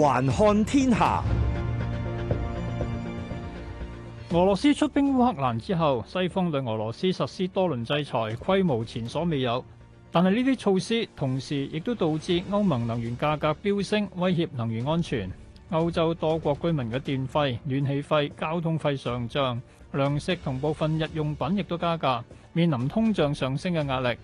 環看天下，俄羅斯出兵烏克蘭之後，西方對俄羅斯實施多輪制裁，規模前所未有。但係呢啲措施同時亦都導致歐盟能源價格飆升，威脅能源安全。歐洲多國居民嘅電費、暖氣費、交通費上漲，糧食同部分日用品亦都加價，面臨通脹上升嘅壓力。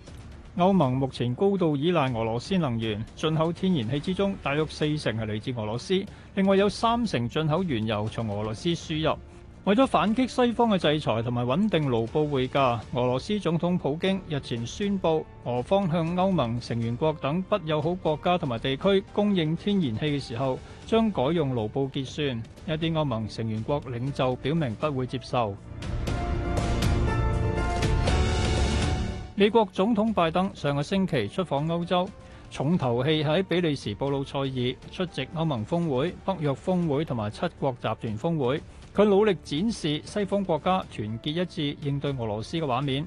歐盟目前高度依賴俄羅斯能源，進口天然氣之中大約四成係嚟自俄羅斯，另外有三成進口原油從俄羅斯輸入。為咗反擊西方嘅制裁同埋穩定盧布匯價，俄羅斯總統普京日前宣布，俄方向歐盟成員國等不友好國家同埋地區供應天然氣嘅時候，將改用盧布結算。一啲歐盟成員國領袖表明不會接受。美國總統拜登上個星期出訪歐洲，重頭戲喺比利時布魯塞爾出席歐盟峰會、北約峰會同埋七國集團峰會。佢努力展示西方國家團結一致應對俄羅斯嘅畫面。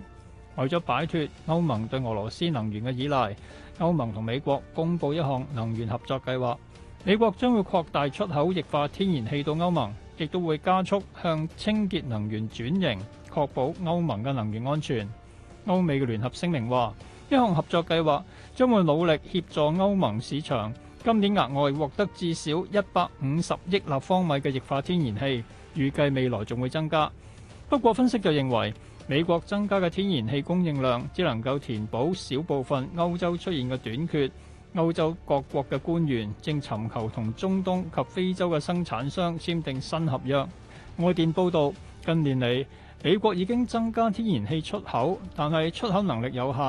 為咗擺脫歐盟對俄羅斯能源嘅依賴，歐盟同美國公布一項能源合作計劃。美國將會擴大出口液化天然氣到歐盟，亦都會加速向清潔能源轉型，確保歐盟嘅能源安全。歐美嘅聯合聲明話，一項合作計劃將會努力協助歐盟市場，今年額外獲得至少一百五十億立方米嘅液化天然氣，預計未來仲會增加。不過分析就認為，美國增加嘅天然氣供應量只能夠填補小部分歐洲出現嘅短缺。歐洲各國嘅官員正尋求同中東及非洲嘅生產商簽訂新合約。外電報道，近年嚟，美國已經增加天然氣出口，但係出口能力有限，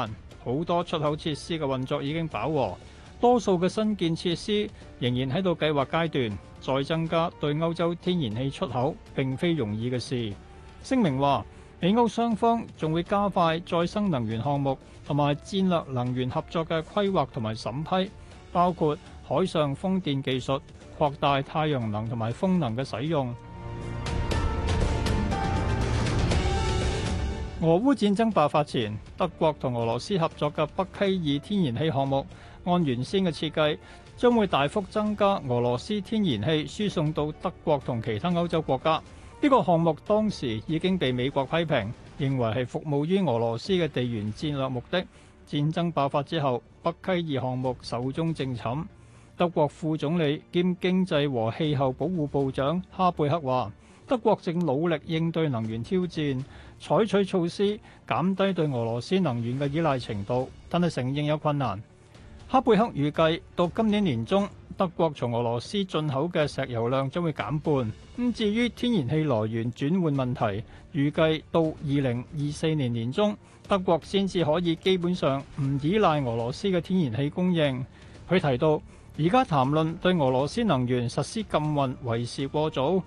好多出口設施嘅運作已經飽和，多數嘅新建設施仍然喺度計劃階段。再增加對歐洲天然氣出口並非容易嘅事。聲明話，美歐雙方仲會加快再生能源項目同埋戰略能源合作嘅規劃同埋審批，包括海上風電技術、擴大太陽能同埋風能嘅使用。俄烏戰爭爆發前，德國同俄羅斯合作嘅北溪二天然氣項目，按原先嘅設計，將會大幅增加俄羅斯天然氣輸送到德國同其他歐洲國家。呢、這個項目當時已經被美國批評，認為係服務於俄羅斯嘅地緣戰略目的。戰爭爆發之後，北溪二項目壽終正寢。德國副總理兼經濟和氣候保護部長哈貝克話。德國正努力應對能源挑戰，採取措施減低對俄羅斯能源嘅依賴程度，但係承認有困難。哈貝克預計到今年年中，德國從俄羅斯進口嘅石油量將會減半。咁、嗯、至於天然氣來源轉換問題，預計到二零二四年年中，德國先至可以基本上唔依賴俄羅斯嘅天然氣供應。佢提到，而家談論對俄羅斯能源實施禁運為時過早。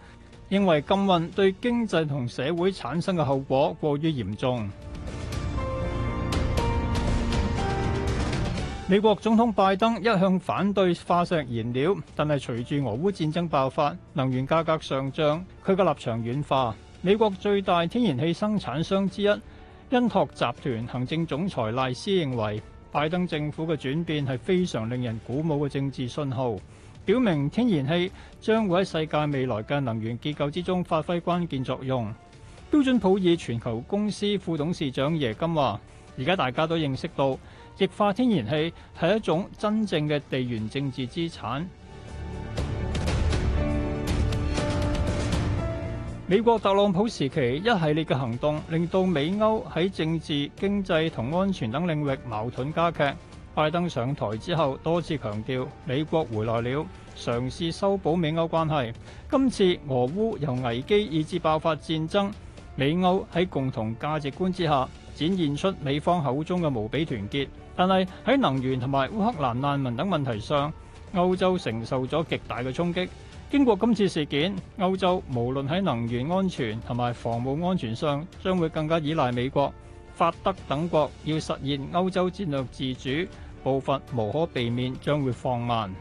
認為禁運對經濟同社會產生嘅後果過於嚴重。美國總統拜登一向反對化石燃料，但係隨住俄烏戰爭爆發，能源價格上漲，佢嘅立場軟化。美國最大天然氣生產商之一恩拓集團行政總裁賴斯認為，拜登政府嘅轉變係非常令人鼓舞嘅政治信號。表明天然氣將會喺世界未來嘅能源結構之中發揮關鍵作用。標準普爾全球公司副董事長耶金話：而家大家都認識到液化天然氣係一種真正嘅地緣政治資產。美國特朗普時期一系列嘅行動，令到美歐喺政治、經濟同安全等領域矛盾加劇。拜登上台之後多次強調美國回來了，嘗試修補美歐關係，今次俄烏由危機以至爆發戰爭，美歐喺共同價值觀之下展現出美方口中嘅無比團結，但係喺能源同埋烏克蘭難民等問題上，歐洲承受咗極大嘅衝擊，經過今次事件，歐洲無論喺能源安全同埋防務安全上，將會更加依賴美國。法德等國要實現歐洲戰略自主步伐，部分無可避免將會放慢。